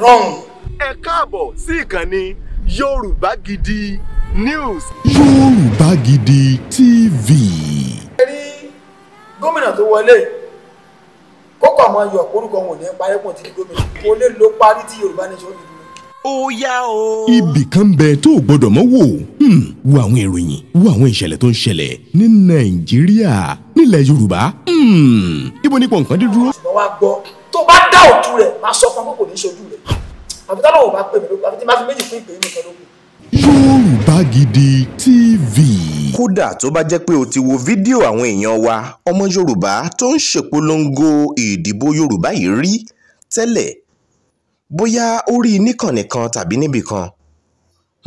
wrong. ẹ káàbọ̀ sí ìkànnì Yorùbá Gidi News. Yorùbá Gidi TV. ẹ rí gómìnà tó wọlé kókò àmọ́ yọ orúkọ wọn ò ní parí pọ̀ títí gómìnà kò lè lo parí tí Yorùbá Nation fi ó yá o. ibì kan bẹ tó o gbọdọ̀ mọ́ wò hmm, wo àwọn ìròyìn wo àwọn ìṣẹ̀lẹ̀ tó ń ṣẹlẹ̀ ní Nàìjíríà nílẹ̀ Yorùbá hmm, ibo nípò nǹkan dídúró. ṣùgbọ́n wàá tó bá dá òtú rẹ̀ máa sọ fún akókò ní sojú rẹ̀ àfi tá lọ́wọ́ bá pè mí lókun àfi tí máa fi méjì fún ìpè mí lókun. Yorùbá Gidi TV. kódà tó bá jẹ́ pé o ti wo fídíò àwọn èèyàn wa ọmọ Yorùbá tó ń ṣèpolongo ìdìbò Yorùbá yìí rí tẹ́lẹ̀ bóyá ó rí i níkànnì kan tàbí níbì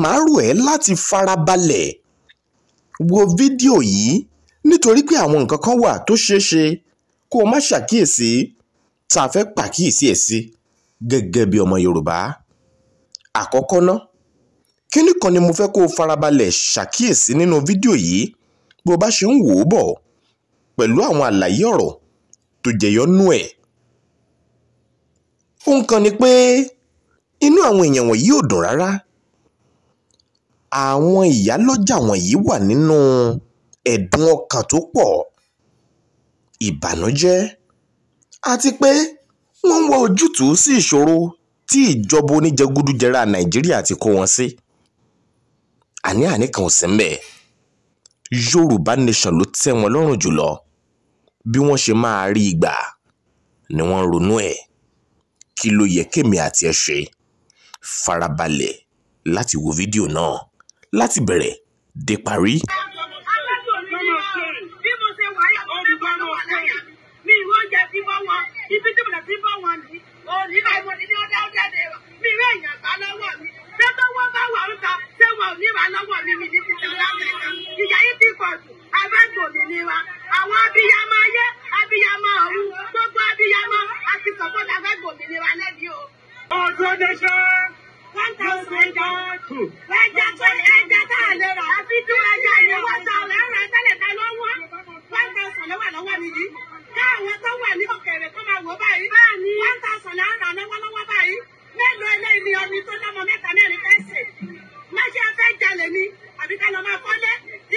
màá rò ẹ́ láti farabalẹ̀ wo fídíò yìí nítorí pé àwọn nǹkan kan wà tó ṣeé ṣe kó o má ṣàkíyèsí tá a fẹ́ pàkíyèsí ẹ̀ sí gẹ́gẹ́ bí ọmọ Yorùbá àkọ́kọ́ ná kíní kan ni mo fẹ́ kó o farabalẹ̀ ṣàkíyèsí nínú fídíò yìí bó o bá ṣe ń wò ó bọ̀ pẹ̀lú àwọn àlàyé ọ̀rọ̀ tó jẹyọ nú ẹ̀ ohun kan ni pé inú àwọn èèyàn wọ̀nyí ò dùn rárá àwọn ìyálọ́jà wọ̀nyí wà nínú ẹ̀dùn ọkàn tó pọ̀ ìbànújẹ́ àti pé wọ́n ń wá ojútùú sí ìṣòro tí ìjọba oníjẹgúdújẹra nàìjíríà ti kó wọn sí àní àní kan ò sí mbẹ̀ yorùbá nation ló tẹ́ wọn lọ́rùn jùlọ bí wọ́n ṣe máa rí ìgbà ni wọ́n ronú ẹ̀ kí ló yẹ kémi àti ẹ ṣe farabalẹ̀ láti wo fídíò náà láti bẹ̀rẹ̀ dé parí. lọ́wọ́ mi ṣé tówó bá wà ń ta ṣé wọn ò ní rà lọ́wọ́ mi mi ní títí láti kan ìyá yìí ti pọ̀ jù abẹ́gbò mi ni wa àwọn abiyamọ ayé abiyamọ ọ̀run gbogbo abiyamọ àti sọ̀gbọ́n abẹ́gbò mi ni wa lẹ́bi o. ọdún ọdẹṣẹ. one thousand ẹja ẹja tó ẹja tá a lè rà àfi tún ẹja yẹn wọ́n ta ọ̀rẹ́ rẹ̀ ta lọ́wọ́ one thousand lọ́wọ́ lọ́wọ́ mi yìí káwọn tó wà ní òkèèrè tó máa wò báyìí one thousand lọ́wọ́ lọ́wọ́ báyìí. mélòó eléyìí ni omi tó lọ́mọ mẹ́ta mẹ́rin fẹ́ sè máṣe afẹ́ jalè ni àbí ká lọ máa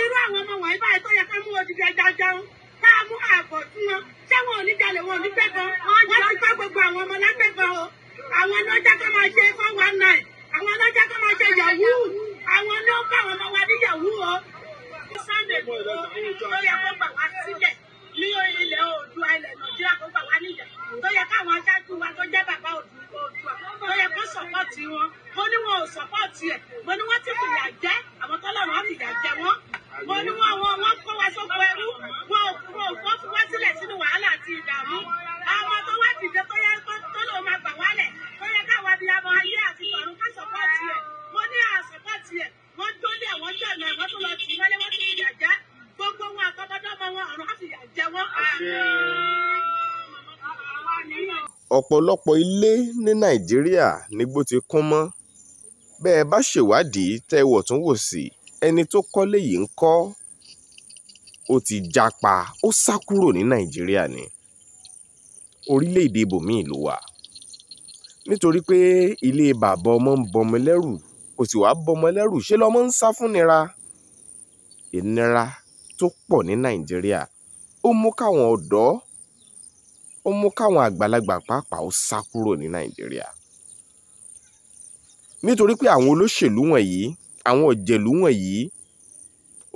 irú àwọn ọmọ wọ̀nyí báyìí tó yẹ ká mú odidi ẹja jẹun ká mú ààbọ̀ fún wọn ṣé wọn ò ní jalè wọn gbogbo àwọn ọmọ o àwọn lọ́jà kọ́ máa ṣe four one nine àwọn kọ́ máa ṣe yahoo àwọn ọ̀pọ̀lọpọ̀ ilé ní nàìjíríà nígbó ti kún mọ́ bẹ́ ẹ bá ṣèwádìí tẹ́ ẹ wọ̀tún wòsì ẹni tó kọ́lé yìí ńkọ́ ó ti japa ó sá kúrò ní nàìjíríà ni orílẹ̀-èdè ibòmíì ló wà nítorí pé ilé bàbá ọmọ ń bọmọ lẹ́rù kò sì wáá bọmọ lẹ́rù ṣé lọ́mọ ń sá fún nira ìnira tó pọ̀ ní nàìjíríà ó mú káwọn ọ̀dọ́ ó mú káwọn àgbàlagbà pàápàá ó sá kúrò ní nàìjíríà nítorí pé àwọn olóṣèlú wọ̀nyí àwọn òjèlú wọ̀nyí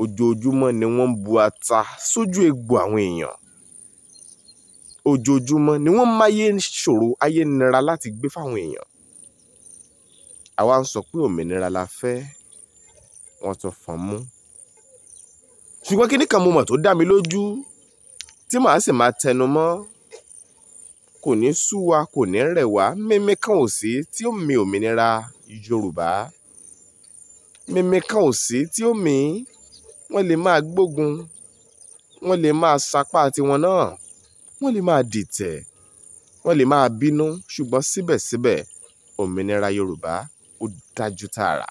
ojoojúmọ́ ni wọ́n ń bu ata sójú egbò àwọn èèyàn ojoojúmọ́ ni wọ́n máyé ṣòro ayé nira láti gbé fáwọn èèyàn àwa ń sọ pé òmìnira la fẹ́ wọ́n tún fọ́n mú ṣùgbọ́n kíní kan mo mọ̀ tó dá mi lójú tí màá sì máa tẹnu mọ́ kò ní sú wa kò ní rẹ̀ wá mímí kan ò sí tí ó mi òmìnira yorùbá mímí kan ò sí tí ó mi wọ́n lè máa gbógun wọ́n lè máa sapá tiwọn náà wọ́n lè máa dìtẹ̀ wọ́n lè máa bínú ṣùgbọ́n síbẹ̀síbẹ̀ òmìnira yorùbá ó dájú tààrà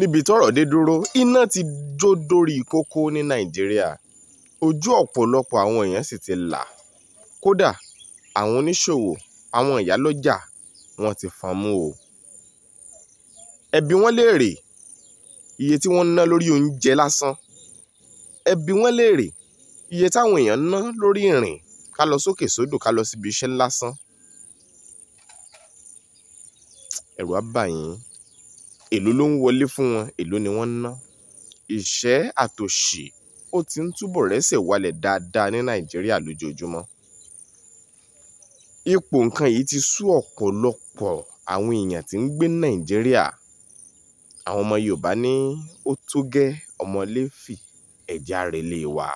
níbi tọ́rọ̀ dé dúró iná ti jó dórí kókó ní nàìjíríà ojú ọ̀pọ̀lọpọ̀ àwọn èèyàn sì ti là kódà àwọn oníṣòwò àwọn ìyálọ́jà wọn ti fọn mú o ẹbí wọn léèrè iye tí wọ́n ń ná lórí oúnjẹ lásán ẹbí wọn léèrè iye táwọn èèyàn ná lórí ìrìn ká lọ sókè sódò ká lọ síbi iṣẹ́ lásán ẹ̀rù á èló ló ń wọlé fún wọn èló ni wọ́n ń ná ìṣẹ́ àtòṣì ó ti ń túbọ̀ rẹ́sẹ̀ walẹ̀ dáadáa ní nàìjíríà lójoojúmọ́ ipò nǹkan yìí ti sú ọ̀pọ̀lọpọ̀ àwọn èèyàn tí ń gbé nàìjíríà àwọn ọmọ yorùbá ní ó tó gẹ́ ọmọléfì ẹ̀já relé wa.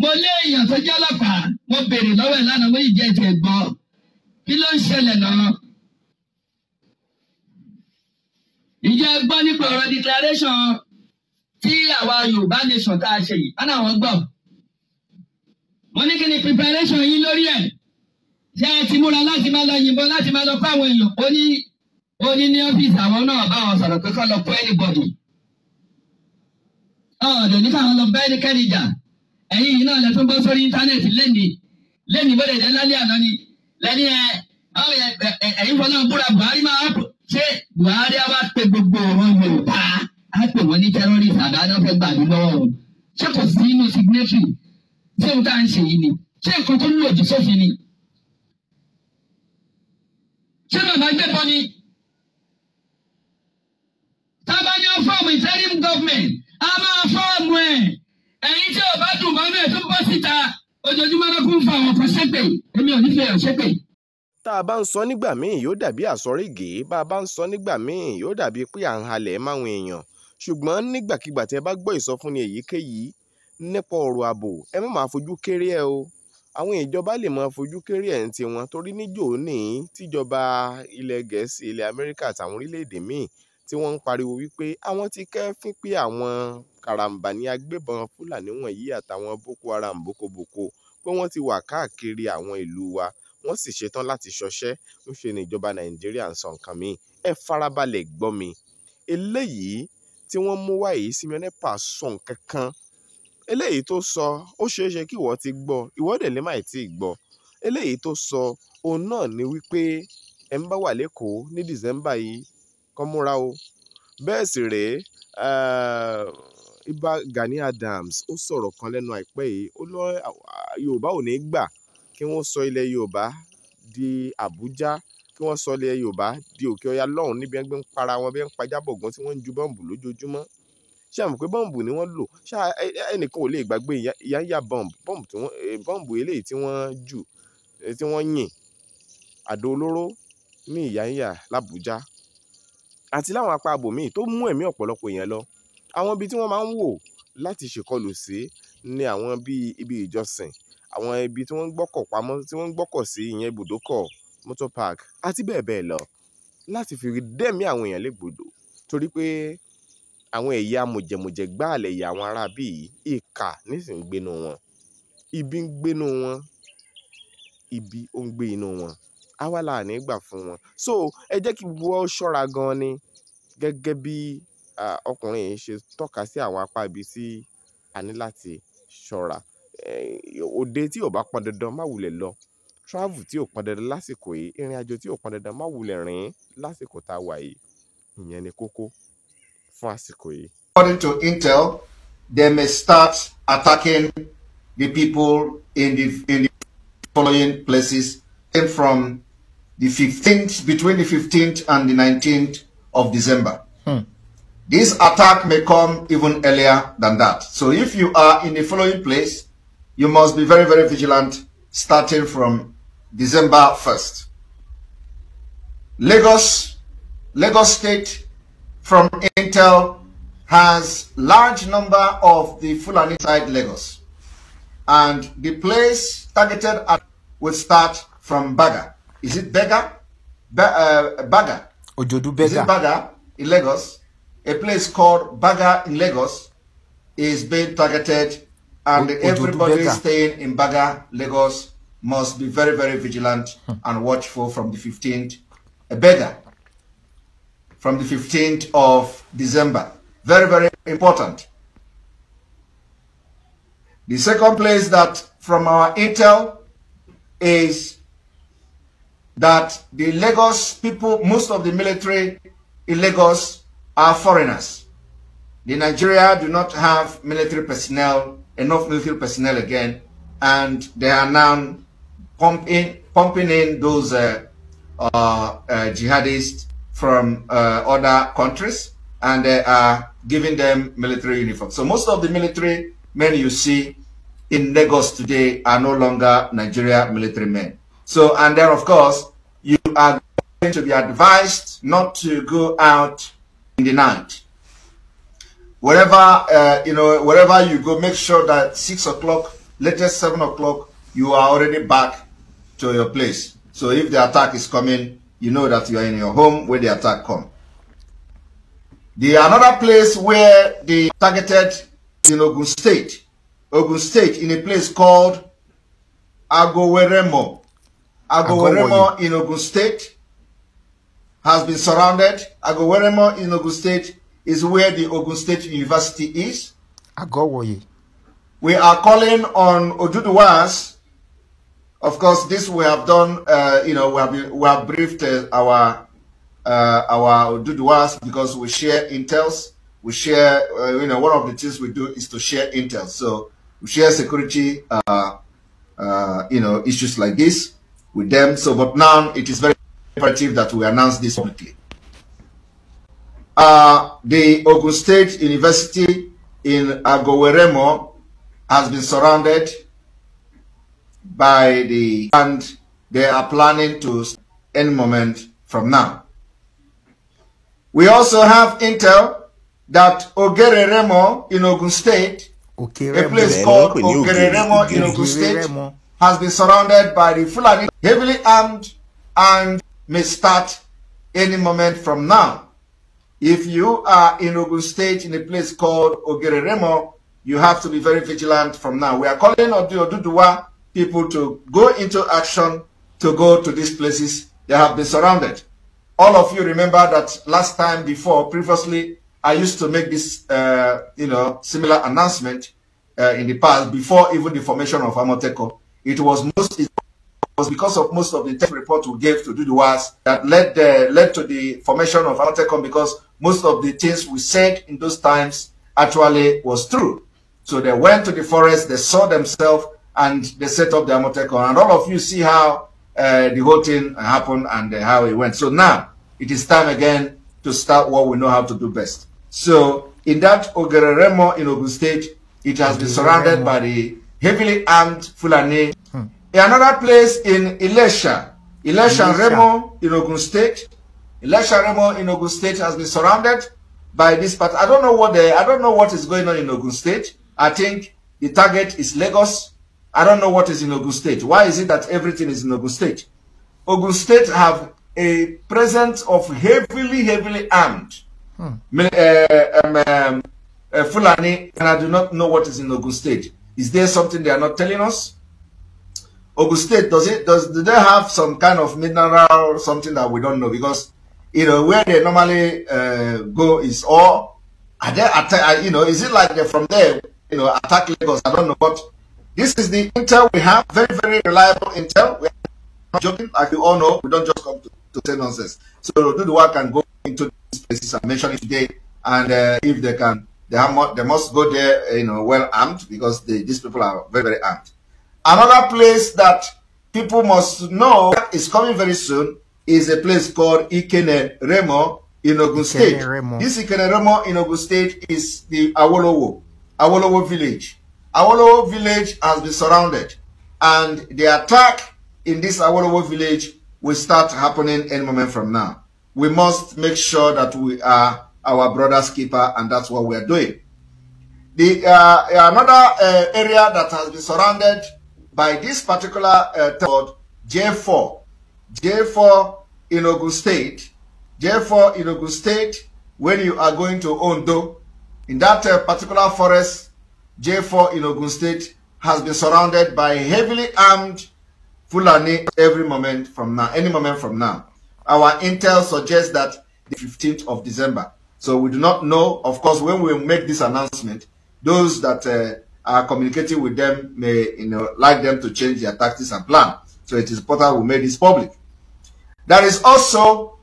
mo lé èèyàn tó jẹ́ ọlọ́pàá mo béèrè lọ́wọ́ ẹ̀ lánàá mo yìí jẹ́ ti gbọ́ kí ló ń ṣẹlẹ̀ náà ìjẹ́ gbọ́ nípa ọ̀rọ̀ declaration tí àwa Yorùbá nation tá a ṣe yìí wọn àwọn gbọ́ wọ́n ní kí ni preparation yín lórí ẹ̀ ṣé ẹ ti múra láti máa lọ yìnbọn láti máa lọ fún àwọn èèyàn ó ní ó ní ní ọ́fíìsì àwọn náà bá wọn sọ̀rọ̀ pé kọ́ lọ fún anybody ọ̀dọ̀ nípa àwọn lọ bá ẹnikẹ́ni jà ẹ̀yin yìí náà lẹ tún bọ́ sórí íńtánẹ́ẹ̀tì lẹ́nìí lẹ́nìí bọ́dẹ̀ ẹ̀dẹ́ lálẹ́ àná ni lẹ́ni ẹ̀ ẹ̀yin fọlọ́ ṣé Buhari á wá pe gbogbo ọ̀rọ̀ Yorùbá a pè wọ́n ní terrorist àdáná fẹ́ gbàdú lọ́wọ́ o ṣé kò sí inú signatory ṣé n tá à ń ṣe yìí ni ṣé nǹkan tó ń lòdì sófin ni ṣé bàbá gbẹ̀bọ ni tábà ní ó fọ́ọ̀mù interim government a máa fọ́ọ̀mù ẹ̀ ẹ̀yin tí ò bá dùn mọ́nú ẹ̀ tó bọ́ síta ojoojúmọ́ ló kún fún àwọn kan ṣépè èmi ò nífẹ̀ẹ́ ọ̀ ṣépè yìí tá a bá ń sọ nígbà míì yóò dàbí àsọrígè bá a bá ń sọ nígbà míì yóò dàbí pé à ń halẹ̀ máwọn èèyàn ṣùgbọ́n nígbàkigbà tí ẹ bá gbọ́ ìsọfúnni èyíkéyìí nípa ọ̀rọ̀ ààbò ẹ má máa fojú kéré ẹ o àwọn ìjọba lè máa fojú kéré ẹ̀ ń tiwọn torí níjò ní tíjọba ilẹ̀ gẹ̀ẹ́sì ilẹ̀ amẹ́ríkà àtàwọn orílẹ̀-èdè míì tí wọ́n ń pariwo wípé àwọn ti kẹ́fín pé àwọn karambani agbébọn fúlàní wọ̀nyí àtàwọn boko haram bokoboko pé wọ́n ti wà káàkiri àwọn ìlú wa wọ́n sì ṣetán láti ṣọṣẹ́ ń ṣe ní ìjọba nàìjíríà ń sọ nǹkan mi ẹ farabalẹ̀ gbọ́ mi eléyìí tí wọ́n mú wá yìí Simeon Ekpa sọ nǹkan kan eléyìí tó sọ ó ṣeé ṣe kí ìwọ ti gbọ́ ìwọ dẹ̀ lè má ti gbọ́ eléyìí tó sọ òun náà ni wípé ẹ̀ ń bá wà lẹ́kọ̀ọ́ ní dìsẹ́mbà yìí kó múra o bẹ́ẹ̀ sì rèé Ìbà eh, Gani Adams ó sọ̀rọ̀ kan lẹ́nu àìpẹ́ yìí ó lọ Yorùbá ò ní gbà kí wọ́n sọ ilẹ̀ yorùbá di abuja, kí wọ́n sọ ilẹ̀ yorùbá di òkè ọya lọ́hùn níbi ẹgbẹ́ ń para wọn bí ń pajá bọ̀gán tí wọ́n ń ju bọ́ǹbù lójoojúmọ́ ṣé àmọ̀ pé bọ́ǹbù ni wọ́n lò ṣá ẹnìkan ò lè gbàgbé yáyà bọ́ǹbù bọ́ǹbù tí wọ́n eh, bọ́ǹbù eléyìí tí wọ́n jù eh, tí wọ́n yìn àdó olóró ní ìyáyà làbújá àti láwọn apá abòmíì tó mú ẹ̀mí ọ̀pọ̀lọpọ̀ èèyàn lọ àwọn ibi tí wọ́n máa ń wò láti ṣèkọlù sí ni àwọn bíi ibi ìjọsìn àwọn ibi tí wọ́n ń gbọ́kọ̀ pamọ́ tí wọ́n ń gbọ́kọ̀ sí ìyẹn ibùdókọ̀ motor park àti bẹ́ẹ̀ bẹ́ẹ̀ lọ láti fi dẹ́mi àwọn èèyàn légbodò torí pé àwọn ẹ̀yà mọ̀jẹ̀mọ̀jẹ̀ gbáàlẹ̀ ìyá àwọn ará bíi ìkà nísìnyí gbénu wọn ibi ń gbénu wọn ibi ó ń gbé inú wọn àwa là gbà fún wọn so ẹ jẹ́ kí gbogbo ọ ṣọ́ra gan-an ni gẹ́gẹ́ bí ọkùnrin yìí ṣe tọ́ka sí àwọn apá ibi tí a ní láti ṣọ́ra. òde tí ò bá pọn dandan má wulẹ̀ lọ travel tí ò pọn dandan lásìkò yìí ìrìn àjò tí ò pọn dandan má wulẹ̀ rìn lásìkò tá a wà yìí ìyẹn ni kókó fún àsìkò yìí. According to Intel, they may start attacking the people in the, in following places from the 15th, between the 15th and the 19th of December. Hmm. This attack may come even earlier than that. So if you are in the following place, you must be very, very vigilant starting from December 1st. Lagos, Lagos State from Intel has large number of the Fulani side Lagos. And the place targeted at will start from Baga. Is it Baga? Be, uh, Baga. Ojodu Baga. Is it Baga in Lagos? A place called Baga in Lagos is being targeted and everybody staying in Baga, Lagos, must be very, very vigilant hmm. and watchful from the 15th. A beggar from the 15th of December. Very, very important. The second place that from our intel is that the Lagos people, most of the military in Lagos are foreigners. The Nigeria do not have military personnel enough military personnel again, and they are now pumping pumping in those uh, uh, uh jihadists from uh, other countries, and they are giving them military uniforms. So most of the military men you see in Lagos today are no longer Nigeria military men. So, and then of course, you are going to be advised not to go out in the night wherever uh, you know wherever you go make sure that six o'clock latest seven o'clock you are already back to your place so if the attack is coming you know that you are in your home where the attack come the another place where the targeted in Ogun State Ogun State in a place called Agoweremo Agoweremo in Ogun State has been surrounded Agoweremo in Ogun State is where the Ogun State University is. Agowoye. We are calling on Oduduwas. Of course, this we have done, uh, you know, we have, we have briefed uh, our uh, our Oduduwas because we share intels. We share, uh, you know, one of the things we do is to share intel. So we share security, uh, uh, you know, issues like this with them. So, but now it is very imperative that we announce this publicly. Uh, the Ogun State University in Agoweremo has been surrounded by the and they are planning to any moment from now. We also have intel that Ogereremo in Ogun State, okay, a place called Ogereremo in Ogun State, has been surrounded by the Fulani, heavily armed, and may start any moment from now. If you are in Ogun State in a place called Ogereremo, you have to be very vigilant from now. We are calling on the Oduduwa people to go into action to go to these places they have been surrounded. All of you remember that last time before, previously, I used to make this, uh, you know, similar announcement uh, in the past before even the formation of Amoteco. It was most it was because of most of the test report we gave to Duduwas that led uh, led to the formation of Amoteco because most of the things we said in those times actually was true. So they went to the forest, they saw themselves, and they set up the Amotekon. And all of you see how uh, the whole thing happened and uh, how it went. So now it is time again to start what we know how to do best. So in that Ogereremo in Ogun State, it has been surrounded by the heavily armed Fulani. Hmm. Another place in Ilesha, Ilesha, Ilesha. Remo in Ogun State, Lesharemo in Ogun State has been surrounded by this part. I don't know what the, I don't know what is going on in Ogun State. I think the target is Lagos. I don't know what is in Ogun State. Why is it that everything is in Ogun State? Ogun State have a presence of heavily, heavily armed hmm. uh, um, um, uh, Fulani, and I do not know what is in Ogun State. Is there something they are not telling us? Ogun State, does it, does, do they have some kind of mineral, something that we don't know? Because you know, where they normally uh, go is all, are they attack, uh, you know, is it like they're from there, you know, attack Lagos? I don't know, but this is the intel we have, very, very reliable intel. We're not joking, like you all know, we don't just come to, to say nonsense. So do the work and go into these places I mentioned today, and uh, if they can, they, have, they must go there, you know, well armed, because they, these people are very, very armed. Another place that people must know is coming very soon is a place called Ikeneremo in Ogun State. Ikeneremo. This Ikeneremo in Ogun State is the Awolowo, Awolowo village. Awolowo village has been surrounded and the attack in this Awolowo village will start happening any moment from now. We must make sure that we are our brother's keeper and that's what we are doing. The uh, another uh, area that has been surrounded by this particular uh, J4 J4 in Ogun State, J4 in Ogun State, when you are going to Ondo, in that uh, particular forest, J4 in Ogun State has been surrounded by heavily armed Fulani every moment from now, any moment from now. Our intel suggests that the 15th of December. So we do not know. Of course, when we make this announcement, those that uh, are communicating with them may you know, like them to change their tactics and plan. So it is important we made this public. There is also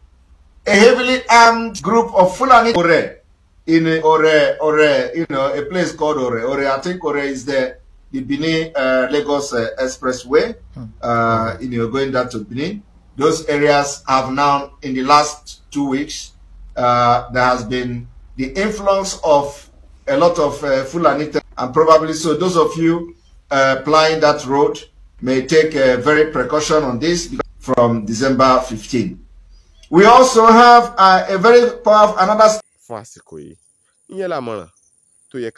a heavily armed group of Fulani Ore in Ore, Ore, you know, a place called Ore. Ore, I think Ore is the, the Benin uh, Lagos uh, Expressway, hmm. uh, you know, going down to Benin. Those areas have now, in the last two weeks, uh, there has been the influence of a lot of uh, Fulani, and probably so those of you uh, plying that road, may take a very precaution on this from December 15. We also have uh, a very powerful another. tó yẹ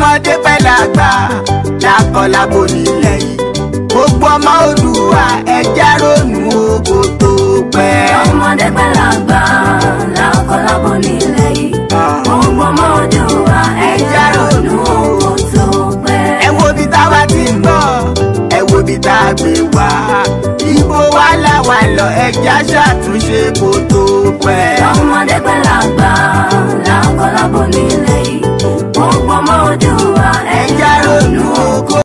ọmọdé pẹ́ làgbà lákọlábo nílẹ̀ yìí gbogbo ọmọ Oòduà ẹja ronú ogo tó pẹ́. ọmọdé pẹ́ làgbà lákọlábo nílẹ̀ yìí gbogbo ọmọ Oòduà ẹja ronú ogo tó pẹ́. ẹ wo bí táwa ti ń bọ̀ ẹ wo bí tá a gbé wá ibo wa làwa lọ ẹja ṣàtúnṣe kó tó pẹ́. ọmọdé pẹ́ làgbà làǹkọ́ lábò nílé yìí gbogbo ọmọ ojú wa